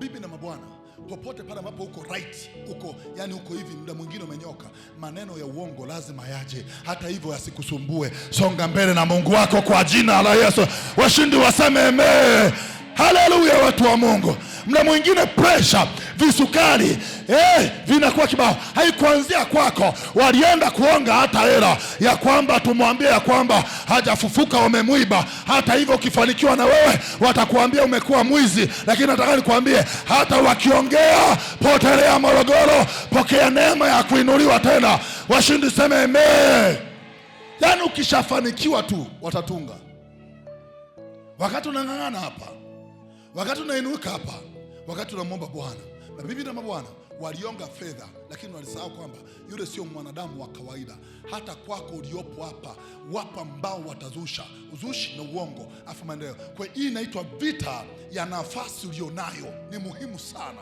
Bibi na mabwana, popote pale ambapo uko right, uko yani, uko hivi, muda mwingine umenyoka, maneno ya uongo lazima yaje, hata hivyo yasikusumbue. Songa mbele na Mungu wako kwa jina la Yesu. Washindi waseme amen. Haleluya, watu wa Mungu. Muda mwingine pressure, visukari eh, vinakuwa kibao. Haikuanzia kwako, walienda kuonga hata hela ya kwamba tumwambie ya kwamba hajafufuka, wamemwiba. Hata hivyo ukifanikiwa na wewe watakuambia umekuwa mwizi, lakini nataka nikuambie, hata wakiongea potelea Morogoro, pokea neema ya kuinuliwa tena. Washindi seme amen. Yani ukishafanikiwa tu watatunga wakati unang'ang'ana hapa, wakati unainuka hapa, wakati unamwomba Bwana na bibi na mabwana walionga fedha, lakini walisahau kwamba yule sio mwanadamu wa kawaida. Hata kwako uliopo hapa, wapo ambao watazusha uzushi na uongo afu maendeleo. Kwa hiyo hii inaitwa vita ya nafasi ulionayo, ni muhimu sana.